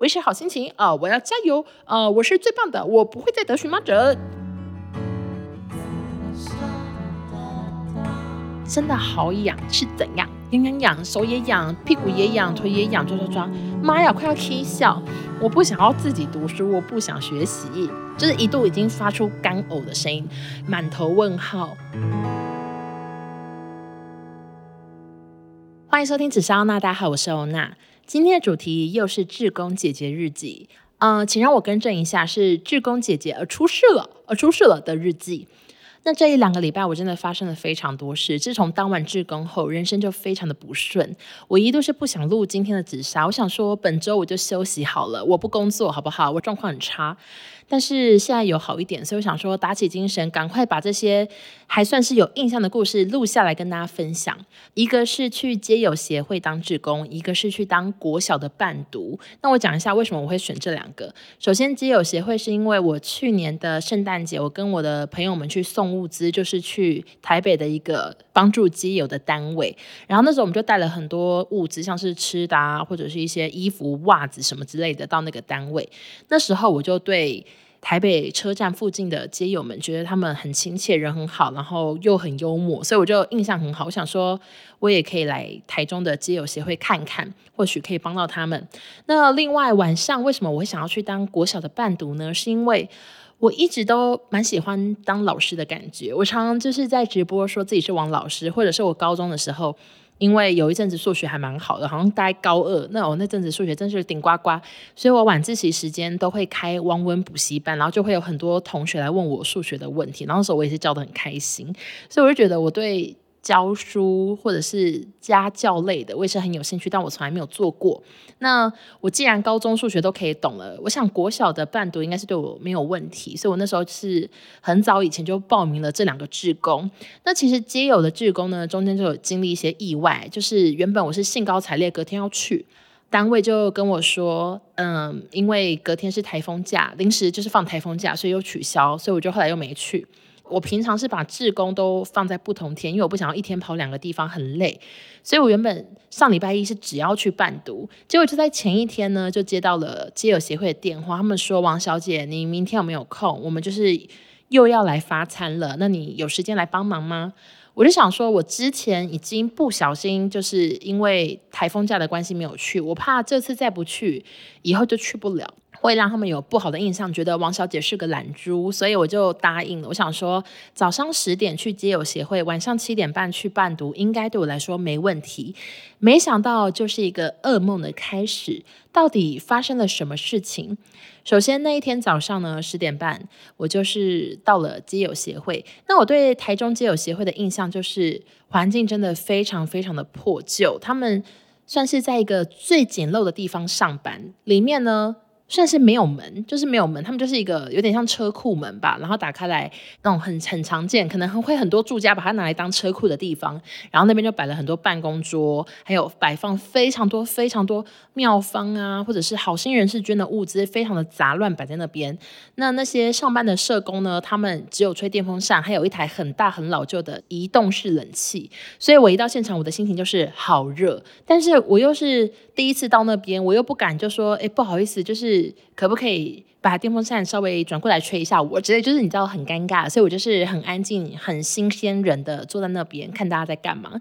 維持好心情啊、呃！我要加油啊、呃！我是最棒的，我不會再得蕁麻疹。真的好癢，是怎樣？癢癢癢，手也癢，屁股也癢，腿也癢，抓抓抓！媽呀，快要氣笑！我不想要自己讀書，我不想學習，就是一度已經發出乾嘔的聲音，滿頭問號。歡迎收聽《紙箱娜》，大家好，我是歐娜。今天的主題又是《志工姐姐日記》呃。嗯，請讓我更正一下，是《志工姐姐》而出事了，而出事了的日記。那這一兩個禮拜，我真的發生了非常多事。自從當完志工後，人生就非常的不順。我一度是不想錄今天的紫砂，我想說本周我就休息好了，我不工作好不好？我狀況很差。但是現在有好一點，所以我想說打起精神，趕快把這些。還算是有印象的故事錄下來跟大家分享。一個是去街友協會當志工，一個是去當國小的伴讀。那我講一下為什麼我會選這兩個。首先，街友協會是因為我去年的聖誕節，我跟我的朋友們去送物資，就是去台北的一個幫助街友的單位。然後那時候我們就帶了很多物資，像是吃的啊，或者是一些衣服、襪子什麼之類的到那個單位。那時候我就對。台北車站附近的街友們覺得他們很親切，人很好，然後又很幽默，所以我就印象很好。我想說，我也可以來台中的街友協會看看，或許可以幫到他們。那另外晚上為什麼我會想要去當國小的伴讀呢？是因為我一直都蠻喜歡當老師的感覺。我常常就是在直播說自己是王老師，或者是我高中的時候。因為有一陣子數學還蠻好的，好像大概高二那我那陣子數學真是頂呱呱，所以我晚自習時間都會開汪文補習班，然後就會有很多同學來問我數學的問題，然後那時候我也是教的很開心，所以我就覺得我對。教書或者是家教類的，我也是很有興趣，但我從來沒有做過。那我既然高中數學都可以懂了，我想國小的伴讀應該是對我沒有問題，所以我那時候是很早以前就報名了這兩個志工。那其實街友的志工呢，中間就有經歷一些意外，就是原本我是興高采烈，隔天要去單位就跟我說，嗯，因為隔天是颱風假，臨時就是放颱風假，所以又取消，所以我就後來又沒去。我平常是把志工都放在不同天，因為我不想要一天跑兩個地方很累，所以我原本上禮拜一是只要去伴讀，結果就在前一天呢就接到了街友協會的電話，他們說王小姐，你明天有沒有空？我們就是又要來發餐了，那你有時間來幫忙嗎？我就想說，我之前已經不小心就是因為颱風假的關係沒有去，我怕這次再不去，以後就去不了。會讓他們有不好的印象，覺得王小姐是個懶豬，所以我就答應了。我想說，早上十點去街友協會，晚上七點半去伴讀，應該對我來說沒問題。沒想到，就是一個噩夢的開始。到底發生了什麼事情？首先，那一天早上呢，十點半，我就是到了街友協會。那我對台中街友協會的印象就是，環境真的非常非常的破舊，他們算是在一個最簡陋的地方上班，裡面呢。算是沒有門，就是沒有門，他們就是一個有點像車庫門吧，然後打開來那種很很常見，可能會很多住家把它拿來當車庫的地方，然後那邊就擺了很多辦公桌，還有擺放非常多非常多廟方啊，或者是好心人士捐的物資，非常的雜亂擺在那邊。那那些上班的社工呢，他們只有吹電風扇，還有一台很大很老舊的移動式冷氣，所以我一到現場，我的心情就是好熱，但是我又是第一次到那邊，我又不敢就說，哎、欸，不好意思，就是。可不可以把電風扇稍微轉過來吹一下？我之類就是你知道很尷尬，所以我就是很安靜、很新鮮人的坐在那邊，看大家在幹嘛。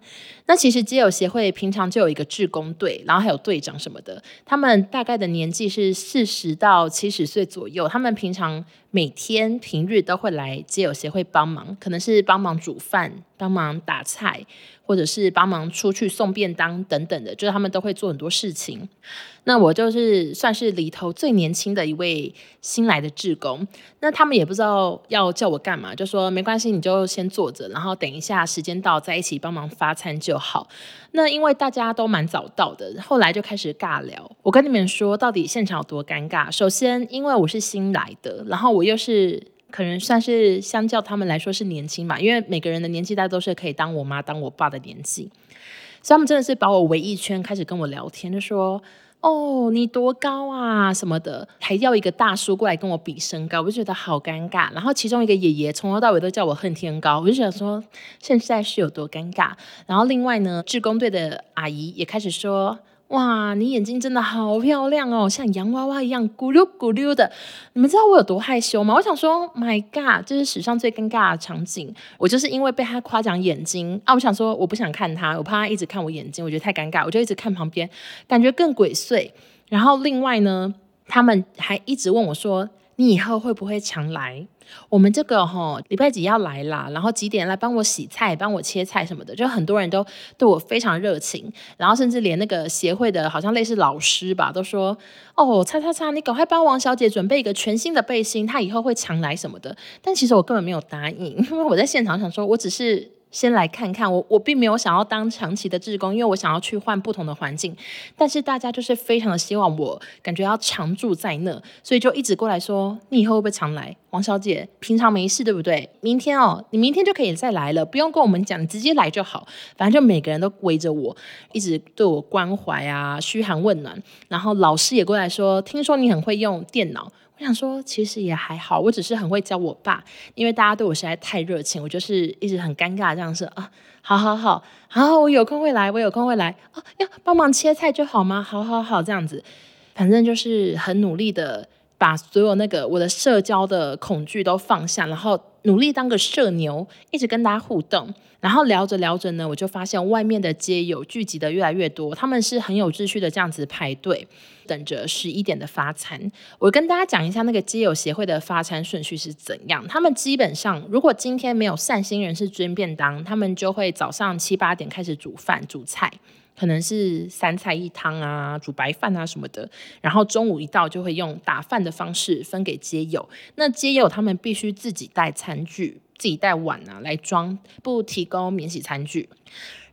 那其實街友協會平常就有一個志工隊，然後還有隊長什麼的，他們大概的年紀是四十到七十歲左右，他們平常。每天平日都會來街友協會幫忙，可能是幫忙煮飯、幫忙打菜，或者是幫忙出去送便當等等的，就是他們都會做很多事情。那我就是算是裡頭最年輕的一位新來的志工，那他們也不知道要叫我幹嘛，就說沒關係，你就先坐着，然後等一下時間到再一起幫忙發餐就好。那因為大家都蠻早到的，後來就開始尬聊。我跟你們說，到底現場有多尷尬？首先，因為我是新來的，然後我。就是可能算是相較他們來說是年輕嘛，因為每個人的年紀大都是可以當我媽當我爸的年紀，所以他們真的是把我圍一圈開始跟我聊天，就說哦，你多高啊什麼的，還要一個大叔過來跟我比身高，我就覺得好尷尬。然後其中一個爺爺從頭到尾都叫我恨天高，我就想說現在是有多尷尬？然後另外呢，志工隊的阿姨也開始說。哇，你眼睛真的好漂亮哦，像洋娃娃一樣咕嚕咕嚕的。你們知道我有多害羞嗎？我想說，My God，這是史上最尷尬的場景。我就是因為被他誇獎眼睛啊，我想說我不想看他，我怕他一直看我眼睛，我覺得太尷尬，我就一直看旁邊，感覺更鬼祟。然後另外呢，他們還一直問我說。你以後會不會常來？我們這個齁、哦、禮拜幾要來啦，然後幾點來幫我洗菜、幫我切菜什麼的，就很多人都對我非常熱情，然後甚至連那個協會的好像類似老師吧，都說哦，叉叉叉，你趕快幫王小姐準備一個全新的背心，她以後會常來什麼的。但其實我根本沒有答應，因為我在現場想說，我只是。先來看看我，我並沒有想要當長期的志工，因為我想要去換不同的環境。但是大家就是非常的希望我，感覺要常住在那，所以就一直過來說，你以後會不會常來？王小姐平常沒事對不對？明天哦，你明天就可以再來了，不用跟我們講，直接來就好。反正就每個人都圍着我，一直對我關懷啊，噓寒問暖。然後老師也過來說，聽說你很會用電腦，我想說其實也還好，我只是很會教我爸。因為大家對我實在太熱情，我就是一直很尷尬這樣子啊。好好好，好好，我有空會來，我有空會來啊，要幫忙切菜就好嗎？好，好好好，這樣子，反正就是很努力的。把所有那個我的社交的恐懼都放下，然後努力當個社牛，一直跟大家互動。然後聊着聊着呢，我就發現外面的街友聚集的越來越多，他們是很有秩序的這樣子排隊，等着十一點的發餐。我跟大家講一下那個街友協會的發餐順序是怎樣。他們基本上如果今天沒有善心人士捐便當，他們就會早上七八點開始煮飯煮菜。可能是三菜一湯啊，煮白飯啊什麼的，然後中午一到就會用打飯的方式分給街友。那街友他們必須自己帶餐具，自己帶碗啊來裝，不提供免洗餐具。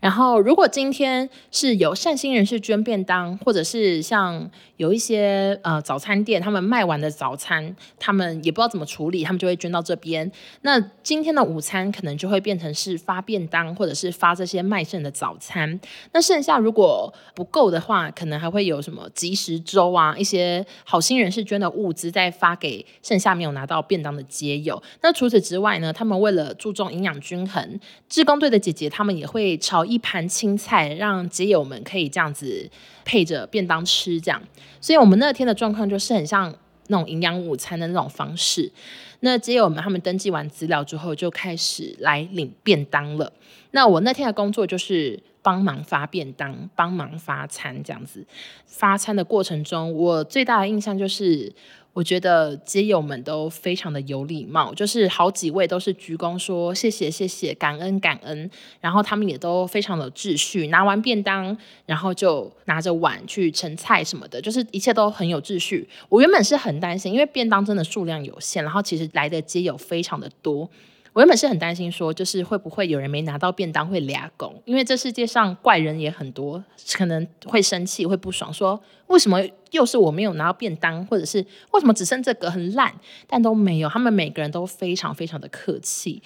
然後，如果今天是有善心人士捐便當，或者是像有一些呃早餐店他們賣完的早餐，他們也不知道怎麼處理，他們就會捐到這邊。那今天的午餐可能就會變成是發便當，或者是發這些賣剩的早餐。那剩下如果不夠的話，可能還會有什麼即食粥啊，一些好心人士捐的物資再發給剩下沒有拿到便當的街友。那除此之外呢，他們為了注重營養均衡，志工隊的姐姐他們也會超。一盤青菜，讓街友們可以這樣子配着便當吃，這樣。所以我們那天的狀況就是很像那種營養午餐的那種方式。那街友們他們登記完資料之後，就開始來領便當了。那我那天的工作就是幫忙發便當，幫忙發餐，這樣子。發餐的過程中，我最大的印象就是。我覺得街友們都非常的有禮貌，就是好幾位都是鞠躬說謝謝謝謝，感恩感恩。然後他們也都非常的秩序，拿完便當，然後就拿着碗去盛菜什麼的，就是一切都很有秩序。我原本是很擔心，因為便當真的數量有限，然後其實來的街友非常的多。我原本是很擔心，說就是會不會有人沒拿到便當會抓狂，因為這世界上怪人也很多，可能會生氣、會不爽，說為什麼又是我沒有拿到便當，或者是為什麼只剩這個很爛，但都沒有，他們每個人都非常非常的客氣。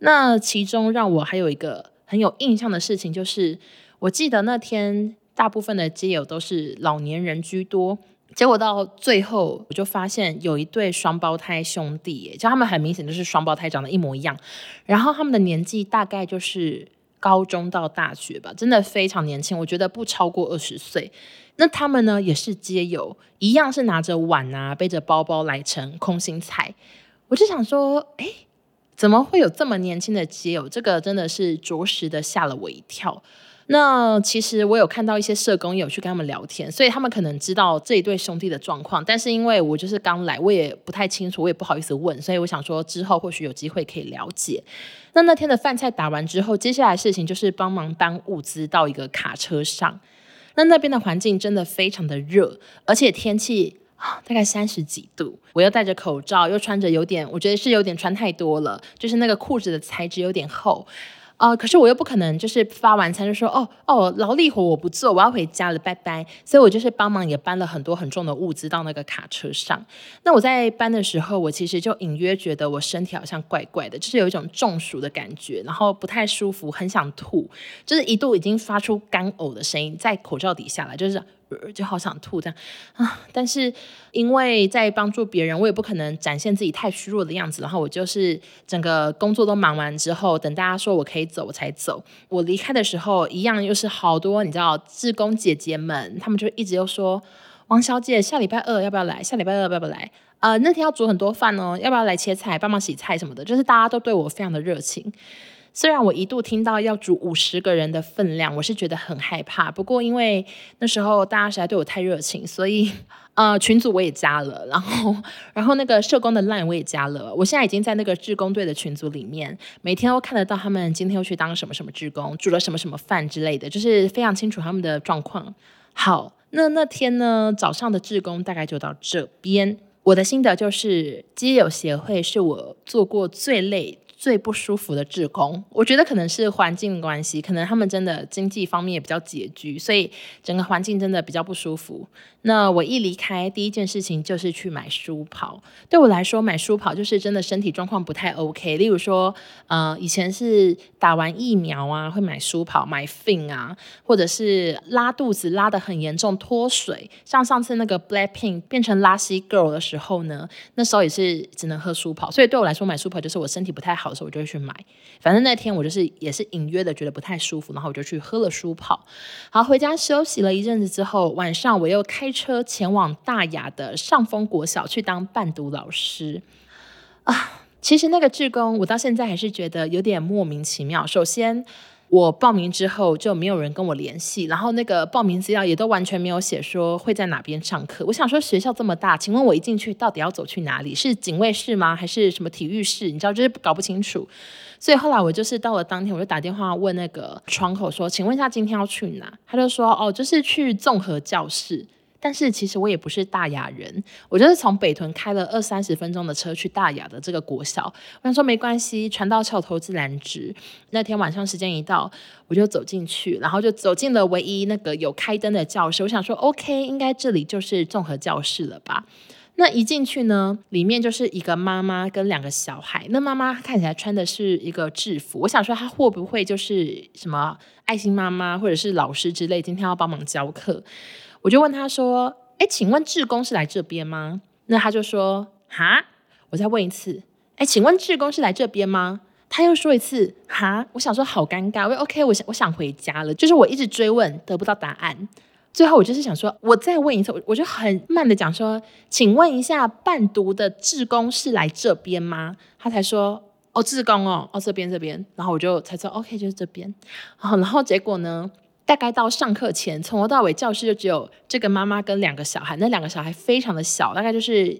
那其中讓我還有一個很有印象的事情，就是我記得那天大部分的街友都是老年人居多。結果到最後，我就發現有一對雙胞胎兄弟，就他們很明顯就是雙胞胎，長得一模一樣。然後他們的年紀大概就是高中到大學吧，真的非常年輕，我覺得不超過二十歲。那他們呢，也是街友，一樣是拿着碗啊，背着包包來盛空心菜。我就想說，哎，怎麼會有這麼年輕的街友？這個真的是着實的嚇了我一跳。那其實我有看到一些社工有去跟他們聊天，所以他們可能知道這一對兄弟的狀況。但是因為我就是剛來，我也不太清楚，我也不好意思問，所以我想說之後或許有機會可以了解。那那天的飯菜打完之後，接下來事情就是幫忙搬物資到一個卡車上。那那邊的環境真的非常的熱，而且天氣大概三十幾度，我又戴着口罩，又穿着有點，我覺得是有點穿太多了，就是那個褲子的材質有點厚。呃，可是我又不可能就是發完餐就說哦哦，勞力活我不做，我要回家了，拜拜。所以我就是幫忙也搬了很多很重的物資到那個卡車上。那我在搬的時候，我其實就隱約覺得我身體好像怪怪的，就是有一種中暑的感覺，然後不太舒服，很想吐，就是一度已經發出乾嘔的聲音，在口罩底下來就是。就好想吐這樣啊！但是因為在幫助別人，我也不可能展現自己太虛弱的樣子。然後我就是整個工作都忙完之後，等大家說我可以走，我才走。我離開的時候，一樣又是好多你知道，志工姐姐們，他們就一直又說，王小姐下禮拜二要不要來？下禮拜二要不要來？呃，那天要煮很多飯哦，要不要來切菜，幫忙洗菜什麼的？就是大家都對我非常的熱情。雖然我一度聽到要煮五十個人的分量，我是覺得很害怕。不過因為那時候大家實在對我太熱情，所以呃群組我也加了，然後然後那個社工的 LINE 我也加了。我現在已經在那個志工隊的群組裡面，每天都看得到他們今天又去當什麼什麼志工，煮了什麼什麼飯之類的，就是非常清楚他們的狀況。好，那那天呢，早上的志工大概就到這邊。我的心得就是基友協會是我做過最累的。最不舒服的志工，我覺得可能是環境關係，可能他們真的經濟方面也比較拮據，所以整個環境真的比較不舒服。那我一離開，第一件事情就是去買舒跑。對我來說，買舒跑就是真的身體狀況不太 OK。例如說，呃，以前是打完疫苗啊，會買舒跑買 FIN 啊，或者是拉肚子拉得很嚴重脫水，像上次那個 BLACKPINK 變成拉稀 girl 的時候呢，那時候也是只能喝舒跑。所以對我來說，買舒跑就是我身體不太好的時候，我就會去買。反正那天我就是也是隱約的覺得不太舒服，然後我就去喝了舒跑。好，回家休息了一陣子之後，晚上我又開車前往大雅的上峰國小去當伴讀老師啊！其實那個志工，我到現在還是覺得有點莫名其妙。首先，我報名之後就沒有人跟我聯繫，然後那個報名資料也都完全沒有寫說會在哪邊上課。我想說學校這麼大，請問我一進去到底要走去哪裡？是警衛室嗎？還是什麼體育室？你知道，就是搞不清楚。所以後來我就是到了當天，我就打電話問那個窗口說：“請問一下，今天要去哪？”他就說：“哦，就是去綜合教室。”但是其實我也不是大雅人，我就是從北屯開了二三十分鐘的車去大雅的這個國小。我想說沒關係，船到橋頭自然直。那天晚上時間一到，我就走進去，然後就走進了唯一那個有開燈的教室。我想說，OK，應該這裡就是綜合教室了吧？那一進去呢，裡面就是一個媽媽跟兩個小孩。那媽媽看起來穿的是一個制服，我想說她會不會就是什麼愛心媽媽或者是老師之類，今天要幫忙教課。我就問他說：“哎，請問志工是來這邊嗎？”那他就說：“哈，我再問一次，哎，請問志工是來這邊嗎？”他又說一次：“哈。”我想說好尷尬，我 OK，我想我想回家了。就是我一直追問得不到答案，最後我就是想說，我再問一次，我就很慢的講說：“請問一下，伴讀的志工是來這邊嗎？”他才說：“哦，志工哦，哦這邊這邊，這邊。”然後我就才說 OK，就是這邊。哦，然後結果呢？大概到上課前，從頭到尾教室就只有這個媽媽跟兩個小孩。那兩個小孩非常的小，大概就是。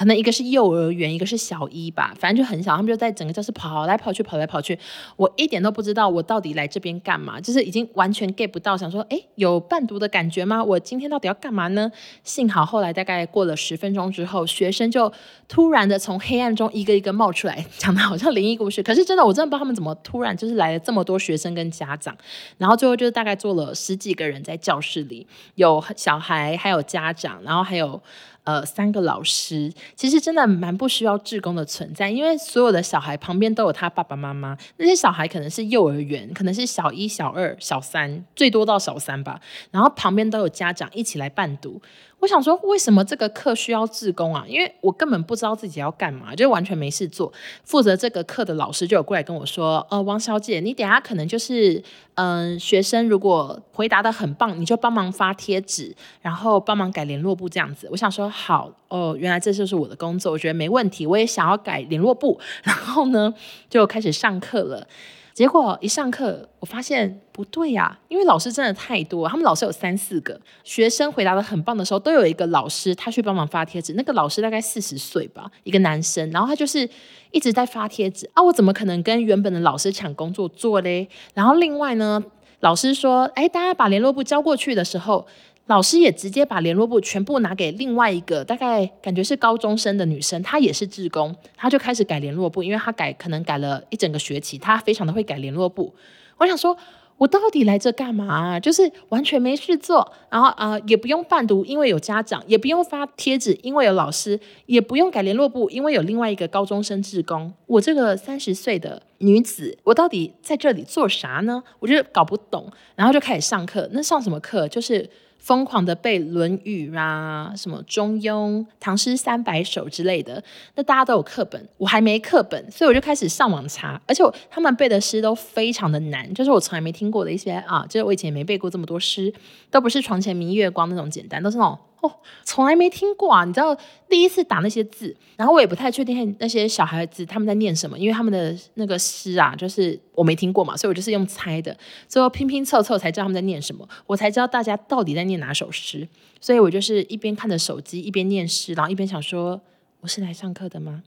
可能一個是幼兒園，一個是小一吧，反正就很小，他們就在整個教室跑來跑去，跑來跑去。我一點都不知道我到底來這邊幹嘛，就是已經完全 get 不到，想說，哎，有伴讀的感覺嗎？我今天到底要幹嘛呢？幸好後來大概過了十分鐘之後，學生就突然的從黑暗中一個一個冒出來，講的好像靈異故事，可是真的，我真的不知道他們怎麼突然就是來了這麼多學生跟家長，然後最後就是大概坐了十幾個人在教室裡，有小孩，還有家長，然後還有。呃，三個老師其實真的蠻不需要志工的存在，因為所有的小孩旁邊都有他爸爸媽媽。那些小孩可能是幼兒園，可能是小一、小二、小三，最多到小三吧。然後旁邊都有家長一起來伴讀。我想說，為什麼這個課需要志工啊？因為我根本不知道自己要幹嘛，就完全沒事做。負責這個課的老師就有過來跟我說：“呃、哦，王小姐，你等下可能就是，嗯，學生如果回答得很棒，你就幫忙發貼紙，然後幫忙改聯絡簿這樣子。”我想說：“好哦，原來這就是我的工作，我覺得沒問題，我也想要改聯絡簿。”然後呢，就開始上課了。結果一上課，我發現不對呀、啊，因為老師真的太多，他們老師有三四個，學生回答得很棒的時候，都有一個老師他去幫忙發貼紙，那個老師大概四十歲吧，一個男生，然後他就是一直在發貼紙，啊，我怎麼可能跟原本的老師搶工作做嘞？然後另外呢，老師說，哎，大家把聯絡簿交過去的時候。老師也直接把聯絡簿全部拿給另外一個大概感覺是高中生的女生，她也是志工，她就開始改聯絡簿，因為她改可能改了一整個學期，她非常的會改聯絡簿。我想說，我到底來這幹嘛？就是完全沒事做，然後啊、呃、也不用伴讀，因為有家長；也不用發貼紙，因為有老師；也不用改聯絡簿，因為有另外一個高中生志工。我這個三十歲的女子，我到底在這裡做啥呢？我就搞不懂，然後就開始上課。那上什麼課？就是。瘋狂的背《論語》啊，什麼《中庸》《唐詩三百首》之類的，那大家都有課本，我還沒課本，所以我就開始上網查。而且他們背的詩都非常的難，就是我從來沒聽過的一些啊，就是我以前也沒背過這麼多詩，都不是“床前明月光”那種簡單，都是那種。哦，從來沒聽過啊！你知道第一次打那些字，然後我也不太確定那些小孩子他們在念什麼，因為他們的那個詩啊，就是我沒聽過嘛，所以我就是用猜的，最後拼拼湊湊才知道他們在念什麼，我才知道大家到底在念哪首詩，所以我就是一邊看着手機一邊念詩，然後一邊想說，我是來上課的嗎？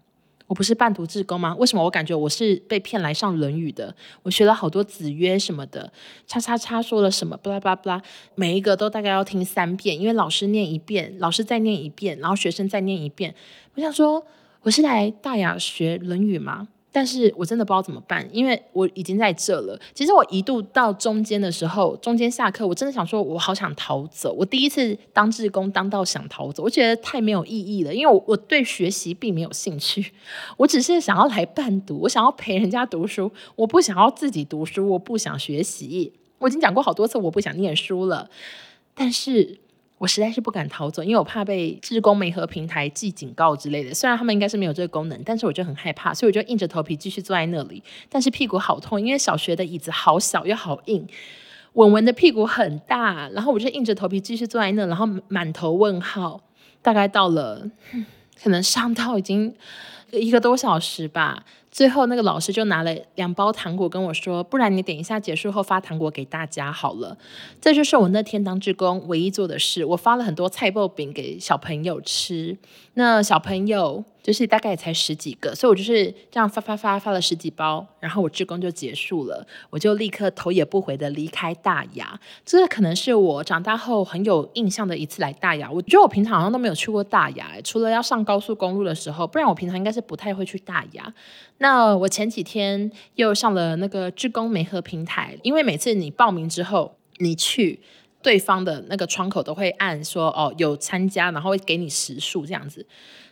我不是半途志工嗎？為什麼我感覺我是被騙來上《論語》的？我學了好多子曰什麼的，叉叉叉說了什麼，巴拉巴拉巴拉，每一個都大概要聽三遍，因為老師念一遍，老師再念一遍，然後學生再念一遍。我想說，我是來大雅學《論語》嗎？但是我真的不知道怎麼辦，因為我已經在這了。其實我一度到中間的時候，中間下課，我真的想說，我好想逃走。我第一次當志工，當到想逃走，我覺得太沒有意義了。因為我，我對學習並沒有興趣，我只是想要來伴讀，我想要陪人家讀書，我不想要自己讀書，我不想學習。我已經講過好多次，我不想念書了。但是。我實在是不敢逃走，因為我怕被志工媒合平台記警告之類的。雖然他們應該是沒有這個功能，但是我就很害怕，所以我就硬着頭皮繼續坐在那裡。但是屁股好痛，因為小學的椅子好小又好硬。文文的屁股很大，然後我就硬着頭皮繼續坐在那，然後滿頭問號。大概到了，可能上到已經一個多小時吧。最後，那個老師就拿了兩包糖果跟我說：“不然你等一下結束後發糖果給大家好了。”這就是我那天當志工唯一做的事。我發了很多菜爆餅給小朋友吃，那小朋友。就是大概也才十幾個，所以我就是這樣發發發發了十幾包，然後我志工就結束了，我就立刻頭也不回的離開大雅。這可能是我長大後很有印象的一次來大雅。我覺得我平常好像都沒有去過大雅，除了要上高速公路的時候，不然我平常應該是不太會去大雅。那我前幾天又上了那個志工媒合平台，因為每次你報名之後，你去。對方的那個窗口，都會按說哦有參加，然後會給你時數這樣子。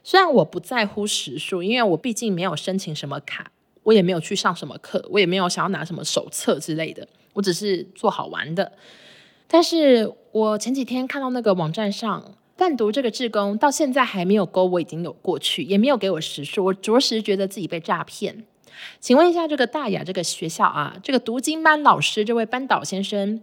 雖然我不在乎時數，因為我畢竟沒有申請什麼卡，我也沒有去上什麼課，我也沒有想要拿什麼手冊之類的，我只是做好玩的。但是我前幾天看到那個網站上，但讀這個志工到現在還沒有勾，我已經有過去，也沒有給我時數，我着實覺得自己被詐騙。請問一下這個大雅這個學校啊，這個讀經班老師這位班導先生。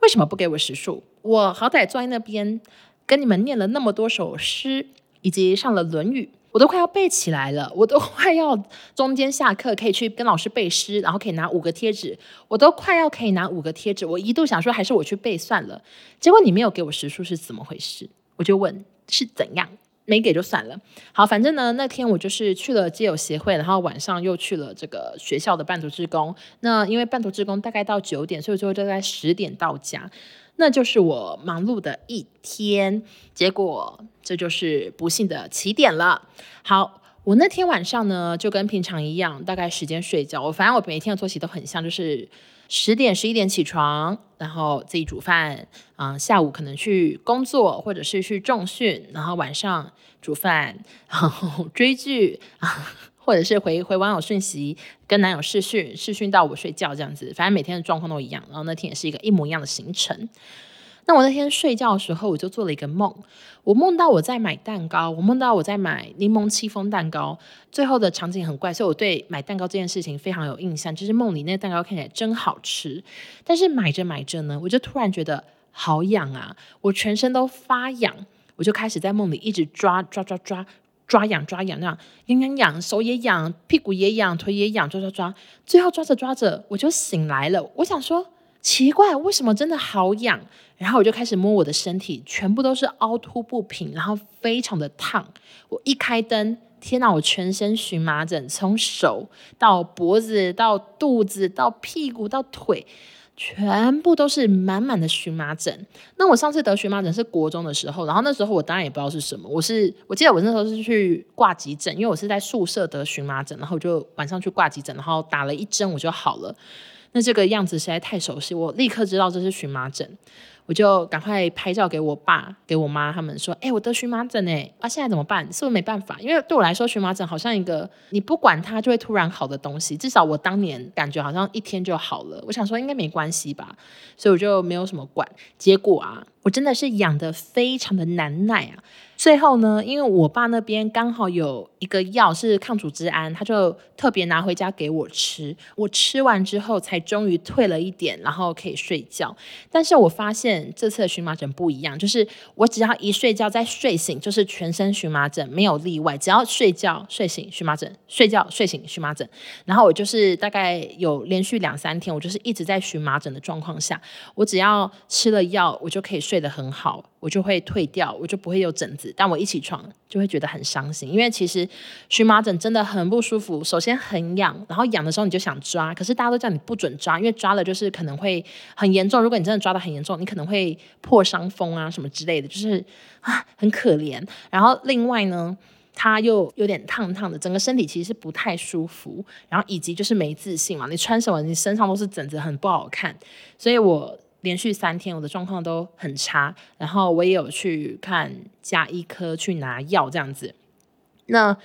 為什麼不給我時數？我好歹坐在那邊跟你們念了那麼多首詩，以及上了《論語》，我都快要背起來了。我都快要中間下課可以去跟老師背詩，然後可以拿五個貼紙。我都快要可以拿五個貼紙，我一度想說還是我去背算了。結果你沒有給我時數是怎麼回事？我就問是怎樣。沒給就算了。好，反正呢，那天我就是去了街友協會，然後晚上又去了這個學校的伴讀志工。那因為伴讀志工大概到九點，所以我最後就大概十點到家。那就是我忙碌的一天，結果這就是不幸的起點了。好，我那天晚上呢，就跟平常一樣，大概時間睡覺。我反正我每天的作息都很像，就是。十點十一點起床，然後自己煮飯，啊，下午可能去工作或者是去重訓，然後晚上煮飯，然後追劇，啊，或者是回回網友訊息，跟男友視訊，視訊到我睡覺這樣子，反正每天的狀況都一樣，然後那天也是一個一模一樣的行程。那我那天睡覺的時候，我就做了一個夢，我夢到我在買蛋糕，我夢到我在買檸檬戚風蛋糕，最後的場景很怪，所以我對買蛋糕這件事情非常有印象。就是夢裡那蛋糕看起來真好吃，但是買着買着呢，我就突然覺得好癢啊，我全身都發癢，我就開始在夢裡一直抓抓抓抓抓癢抓癢那癢癢癢癢，手也癢，屁股也癢，腿也癢，抓抓抓，最後抓着抓着我就醒來了。我想說。奇怪，為什麼真的好癢？然後我就開始摸我的身體，全部都是凹凸不平，然後非常的燙。我一開燈，天吶，我全身蕁麻疹，從手到脖子到肚子到屁股到腿，全部都是滿滿的蕁麻疹。那我上次得蕁麻疹是國中的時候，然後那時候我當然也不知道是什麼。我是我記得我那時候是去掛急診，因為我是在宿舍得蕁麻疹，然後我就晚上去掛急診，然後打了一針，我就好了。那這個樣子實在太熟悉，我立刻知道這是蕁麻疹，我就趕快拍照給我爸給我媽，他們說：“哎、欸，我得蕁麻疹哎，啊，現在怎麼辦？是不是沒辦法？因為對我來說，蕁麻疹好像一個你不管它就會突然好的東西，至少我當年感覺好像一天就好了。我想說應該沒關係吧，所以我就沒有什麼管。結果啊，我真的是癢的非常的難耐啊。”最後呢，因為我爸那邊剛好有一個藥是抗組織胺，他就特別拿回家給我吃。我吃完之後，才終於退了一點，然後可以睡覺。但是我發現這次的蕁麻疹不一樣，就是我只要一睡覺再睡醒，就是全身蕁麻疹沒有例外，只要睡覺睡醒蕁麻疹，睡覺睡醒蕁麻疹。然後我就是大概有連續兩三天，我就是一直在蕁麻疹的狀況下，我只要吃了藥，我就可以睡得很好。我就會退掉，我就不會有疹子，但我一起床就會覺得很傷心，因為其實蕁麻疹真的很不舒服。首先很癢，然後癢的時候你就想抓，可是大家都叫你不准抓，因為抓了就是可能會很嚴重。如果你真的抓得很嚴重，你可能會破傷風啊什麼之類的，就是啊很可憐。然後另外呢，它又有點燙燙的，整個身體其實是不太舒服。然後以及就是沒自信嘛，你穿什麼你身上都是疹子，很不好看，所以我。連續三天，我的狀況都很差，然後我也有去看家醫科去拿藥這樣子。那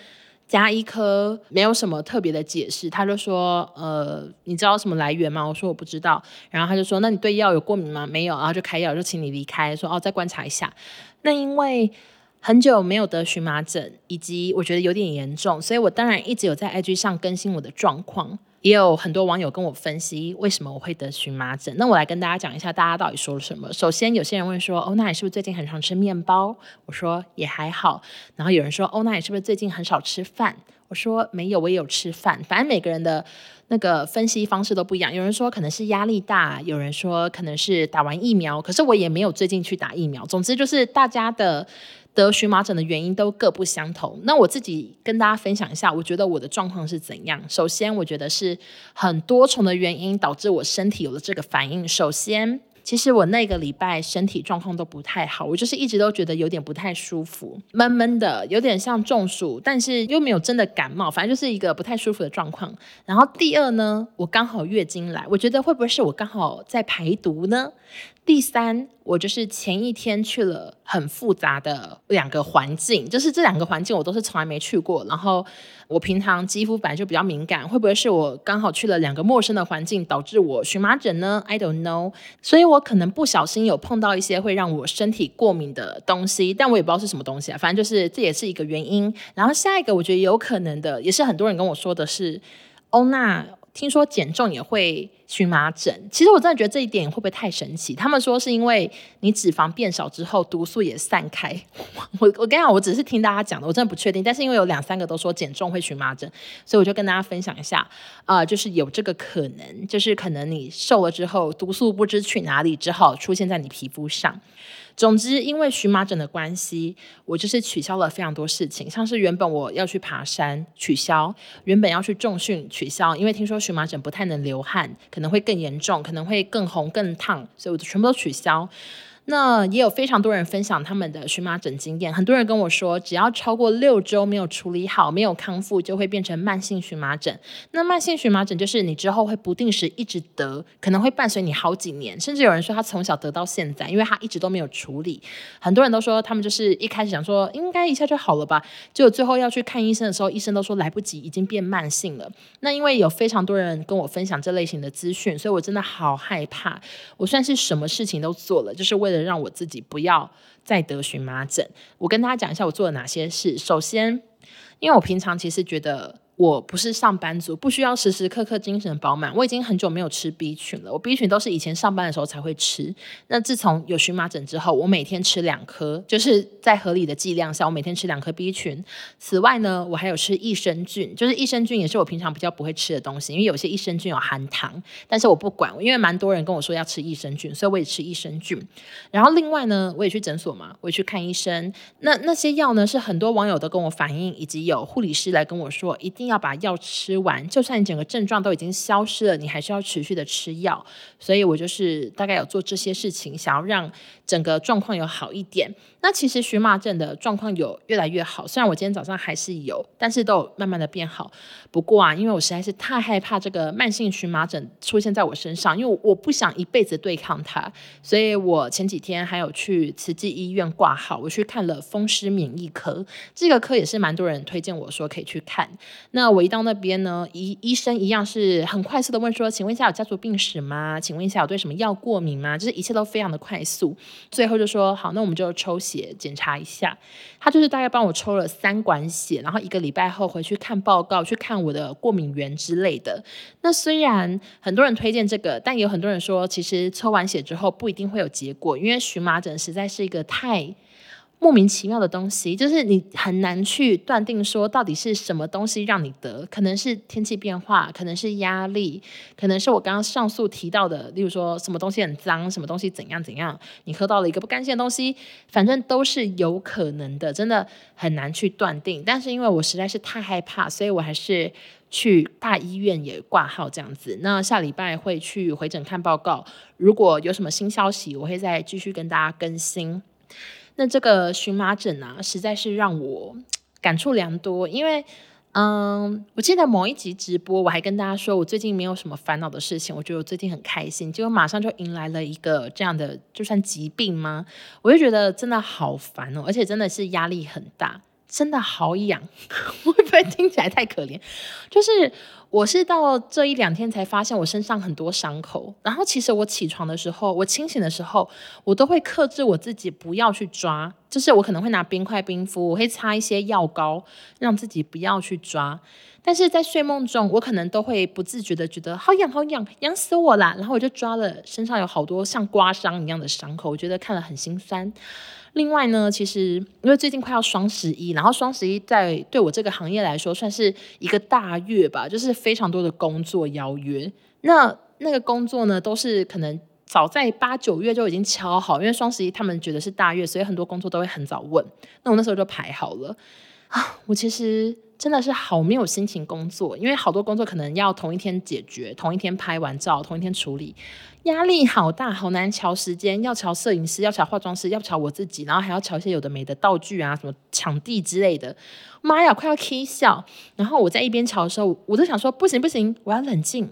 家醫科沒有什麼特別的解釋，他就說：“呃，你知道什麼來源嗎？”我說：“我不知道。”然後他就說：“那你對藥有過敏嗎？”“沒有。”然後就開藥，就請你離開。說：“哦，再觀察一下。”那因為很久沒有得蕁麻疹，以及我覺得有點嚴重，所以我當然一直有在 IG 上更新我的狀況。也有很多網友跟我分析為什麼我會得蕁麻疹，那我來跟大家講一下大家到底說了什麼。首先，有些人問說：“哦，那你是不是最近很常吃麵包？”我說：“也還好。”然後有人說：“哦，那你是不是最近很少吃飯？”我說：“沒有，我也有吃飯。”反正每個人的那個分析方式都不一樣。有人說可能是壓力大，有人說可能是打完疫苗，可是我也沒有最近去打疫苗。總之就是大家的。得蕁麻疹的原因都各不相同。那我自己跟大家分享一下，我覺得我的狀況是怎樣。首先，我覺得是很多重的原因導致我身體有了這個反應。首先，其實我那個禮拜身體狀況都不太好，我就是一直都覺得有點不太舒服，悶悶的，有點像中暑，但是又沒有真的感冒，反正就是一個不太舒服的狀況。然後第二呢，我剛好月經來，我覺得會不會是我剛好在排毒呢？第三，我就是前一天去了很複雜的兩個環境，就是這兩個環境我都是從來沒去過。然後我平常肌膚本來就比較敏感，會不會是我剛好去了兩個陌生的環境，導致我蕁麻疹呢？I don't know。所以我可能不小心有碰到一些會讓我身體過敏的東西，但我也不知道是什麼東西啊。反正就是這也是一個原因。然後下一個我覺得有可能的，也是很多人跟我說的是歐娜。聽說減重也會蕁麻疹，其實我真的覺得這一點會不會太神奇？他們說是因為你脂肪變少之後，毒素也散開。我我跟你講，我只是聽大家講的，我真的不確定。但是因為有兩三個都說減重會蕁麻疹，所以我就跟大家分享一下，啊、呃，就是有這個可能，就是可能你瘦了之後，毒素不知去哪裡，只好出現在你皮膚上。總之，因為蕁麻疹的關係，我就是取消了非常多事情，像是原本我要去爬山，取消；原本要去重訓，取消。因為聽說蕁麻疹不太能流汗，可能會更嚴重，可能會更紅、更燙，所以我就全部都取消。那也有非常多人分享他們的蕁麻疹經驗，很多人跟我說，只要超過六周沒有處理好，沒有康復，就會變成慢性蕁麻疹。那慢性蕁麻疹就是你之後會不定時一直得，可能會伴隨你好幾年，甚至有人說他從小得到現在，因為他一直都沒有處理。很多人都說他們就是一開始想說應該一下就好了吧，結果最後要去看醫生的時候，醫生都說來不及，已經變慢性了。那因為有非常多人跟我分享這類型的資訊，所以我真的好害怕。我算是什麼事情都做了，就是為了。讓我自己不要再得蕁麻疹。我跟大家講一下我做了哪些事。首先，因為我平常其實覺得。我不是上班族，不需要時時刻刻精神飽滿。我已經很久沒有吃 B 群了，我 B 群都是以前上班的時候才會吃。那自從有蕁麻疹之後，我每天吃兩顆，就是在合理的劑量下，我每天吃兩顆 B 群。此外呢，我還有吃益生菌，就是益生菌也是我平常比較不會吃的東西，因為有些益生菌有含糖，但是我不管，因為蠻多人跟我說要吃益生菌，所以我也吃益生菌。然後另外呢，我也去診所嘛，我也去看醫生。那那些藥呢，是很多網友都跟我反映，以及有護理師來跟我說，一定。要把藥吃完，就算你整個症狀都已經消失了，你還是要持續的吃藥。所以我就是大概有做這些事情，想要讓整個狀況有好一點。那其實蕁麻疹的狀況有越來越好，雖然我今天早上還是有，但是都有慢慢的變好。不過啊，因為我實在是太害怕這個慢性蕁麻疹出現在我身上，因為我不想一輩子對抗它，所以我前幾天還有去慈濟醫院掛號，我去看了風濕免疫科，這個科也是蠻多人推薦我說可以去看。那我一到那邊呢，醫醫生一樣是很快速的問說，請問一下有家族病史嗎？請問一下我對什麼藥過敏嗎？就是一切都非常的快速，最後就說好，那我們就抽血。檢查一下，他就是大概幫我抽了三管血，然後一個禮拜後回去看報告，去看我的過敏源之類的。那雖然很多人推薦這個，但也有很多人說，其實抽完血之後不一定會有結果，因為蕁麻疹實在是一個太莫名其妙的東西，就是你很難去斷定說到底是什麼東西讓你得，可能是天氣變化，可能是壓力，可能是我剛剛上述提到的，例如說什麼東西很髒，什麼東西怎樣怎樣，你喝到了一個不乾淨的東西，反正都是有可能的，真的很難去斷定。但是因為我實在是太害怕，所以我還是去大醫院也掛號這樣子。那下禮拜會去回診看報告，如果有什麼新消息，我會再繼續跟大家更新。那這個蕁麻疹啊，實在是讓我感觸良多。因為，嗯，我記得某一集直播，我還跟大家說，我最近沒有什麼煩惱的事情，我覺得我最近很開心，結果馬上就迎來了一個這樣的，就算疾病嗎？我就覺得真的好煩哦，而且真的是壓力很大。真的好癢，會不會聽起來太可憐？就是我是到這一兩天才發現我身上很多傷口。然後其實我起床的時候，我清醒的時候，我都會克制我自己不要去抓。就是我可能會拿冰塊冰敷，我會擦一些藥膏，讓自己不要去抓。但是在睡夢中，我可能都會不自覺的覺得好癢好癢，癢死我啦！然後我就抓了，身上有好多像刮傷一樣的傷口，我覺得看了很心酸。另外呢，其實因為最近快要雙十一，然後雙十一在對我這個行業來說算是一個大月吧，就是非常多的工作邀約。那那個工作呢，都是可能早在八九月就已經敲好，因為雙十一他們覺得是大月，所以很多工作都會很早問。那我那時候就排好了啊，我其實真的是好沒有心情工作，因為好多工作可能要同一天解決，同一天拍完照，同一天處理。壓力好大，好難喬時間，要喬攝影師，要喬化妝師，要喬我自己，然後還要喬一些有的沒的道具啊，什麼場地之類的。媽呀，快要 k 笑。然後我在一邊喬的時候，我都想說，不行不行，我要冷靜，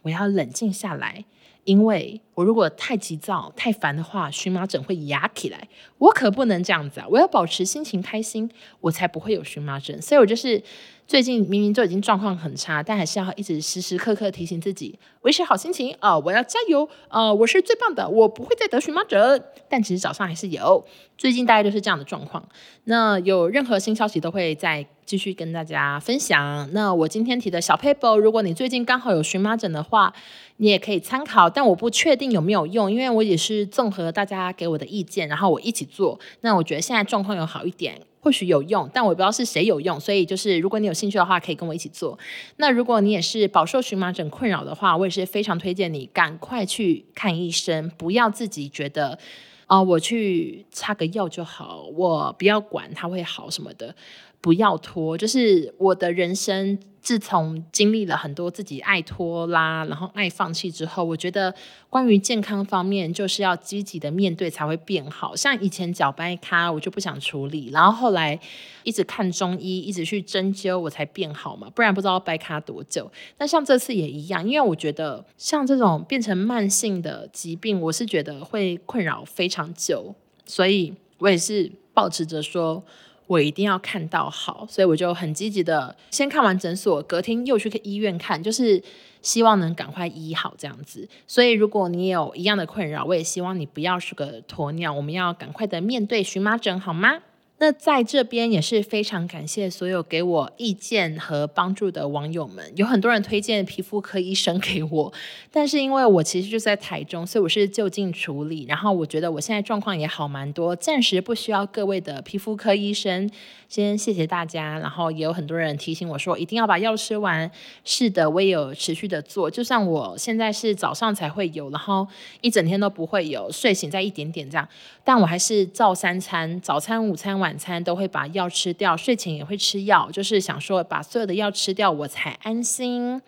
我要冷靜下來。因為我如果太急躁、太煩的話，蕁麻疹會壓起來。我可不能這樣子啊！我要保持心情開心，我才不會有蕁麻疹。所以我就是最近明明就已經狀況很差，但還是要一直時時刻刻提醒自己維持好心情啊、呃！我要加油啊、呃！我是最棒的，我不會再得蕁麻疹。但其實早上還是有，最近大概就是這樣的狀況。那有任何新消息都會在。繼續跟大家分享。那我今天提的小 paper，如果你最近剛好有蕁麻疹的話，你也可以參考。但我不確定有沒有用，因為我也是綜合大家給我的意見，然後我一起做。那我覺得現在狀況有好一點，或許有用，但我不知道是誰有用。所以就是，如果你有興趣的話，可以跟我一起做。那如果你也是飽受蕁麻疹困擾的話，我也是非常推薦你趕快去看醫生，不要自己覺得。啊、哦，我去擦個藥就好，我不要管，它會好什麼的，不要拖，就是我的人生。自從經歷了很多自己愛拖拉，然後愛放棄之後，我覺得關於健康方面就是要積極的面對才會變好。像以前腳掰咖，我就不想處理，然後後來一直看中醫，一直去針灸，我才變好嘛。不然不知道掰咖多久。那像這次也一樣，因為我覺得像這種變成慢性的疾病，我是覺得會困擾非常久，所以我也是保持着說。我一定要看到好，所以我就很積極的先看完診所，隔天又去個醫院看，就是希望能趕快醫好這樣子。所以如果你有一樣的困擾，我也希望你不要是個鴕鳥，我們要趕快的面對蕁麻疹，好嗎？那在這邊也是非常感謝所有給我意見和幫助的網友們，有很多人推薦皮膚科醫生給我，但是因為我其實就在台中，所以我是就近處理。然後我覺得我現在狀況也好蠻多，暫時不需要各位的皮膚科醫生。先謝謝大家。然後也有很多人提醒我說一定要把藥吃完。是的，我也有持續的做，就像我現在是早上才會有，然後一整天都不會有，睡醒再一點點這樣，但我還是照三餐，早餐、午餐、晚餐都會把藥吃掉，睡前也會吃藥，就是想說把所有的藥吃掉，我才安心。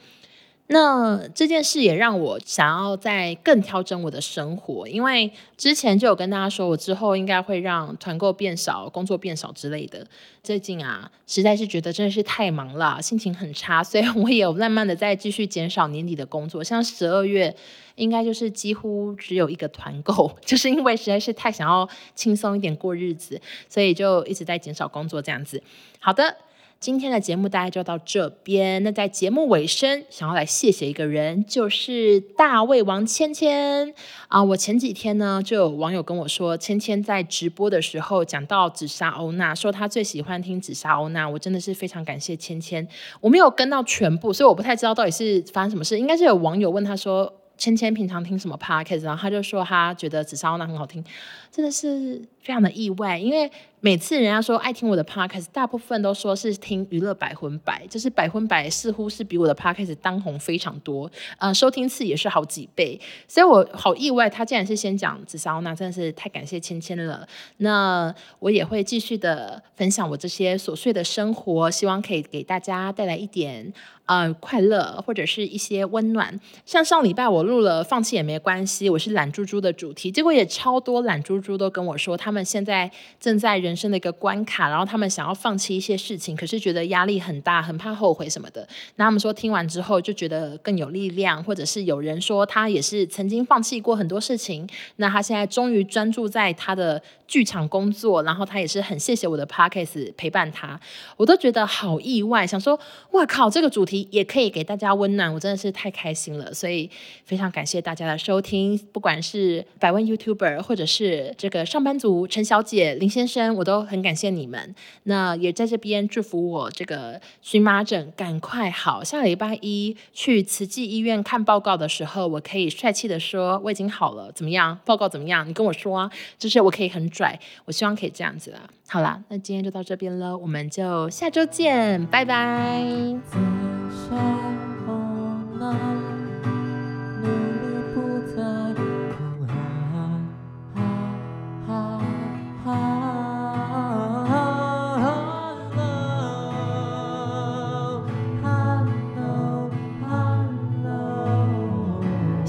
那這件事也讓我想要再更調整我的生活，因為之前就有跟大家說我之後應該會讓團購變少，工作變少之類的。最近啊，實在是覺得真的是太忙了，心情很差，所以我也慢慢的在繼續減少年底的工作。像十二月，應該就是幾乎只有一個團購，就是因為實在是太想要輕鬆一點過日子，所以就一直在減少工作這樣子。好的。今天的節目大家就到這邊。那在節目尾聲，想要來謝謝一個人，就是大胃王芊芊啊！我前幾天呢就有網友跟我說，芊芊在直播的時候講到紫砂歐娜，說他最喜歡聽紫砂歐娜，我真的是非常感謝芊芊。我沒有跟到全部，所以我不太知道到底是發生什麼事。應該是有網友問他說，芊芊平常聽什麼 podcast，然後他就說他覺得紫砂歐娜很好聽，真的是。非常的意外，因為每次人家說愛聽我的 podcast 大部分都說是聽娛樂百分百，就是百分百似乎是比我的 podcast 當紅非常多，呃，收聽次也是好幾倍，所以我好意外，他竟然是先講紫砂，那真的是太感謝芊芊了。那我也會繼續的分享我這些瑣碎的生活，希望可以給大家帶來一點呃快樂或者是一些溫暖。像上禮拜我錄了放棄也沒關係，我是懶豬豬的主題，結果也超多懶豬豬都跟我說他們。們現在正在人生的一個關卡，然後他們想要放棄一些事情，可是覺得壓力很大，很怕後悔什麼的。那他們說聽完之後就覺得更有力量，或者是有人說他也是曾經放棄過很多事情，那他現在終於專注在他的劇場工作，然後他也是很謝謝我的 Podcast 陪伴他，我都覺得好意外，想說哇靠，這個主題也可以給大家溫暖，我真的是太開心了，所以非常感謝大家的收聽，不管是百萬 YouTuber 或者是這個上班族。陳小姐、林先生，我都很感謝你們。那也在這邊祝福我這個蕁麻疹趕快好。下禮拜一去慈濟醫院看報告的時候，我可以帥氣地說我已經好了。怎麼樣？報告怎麼樣？你跟我說，就是我可以很拽。我希望可以這樣子了。好啦，那今天就到這邊了，我們就下周見，拜拜。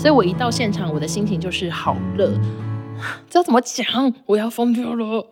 所以我一到現場，我的心情就是好熱， 這要怎麼講？我要瘋掉了。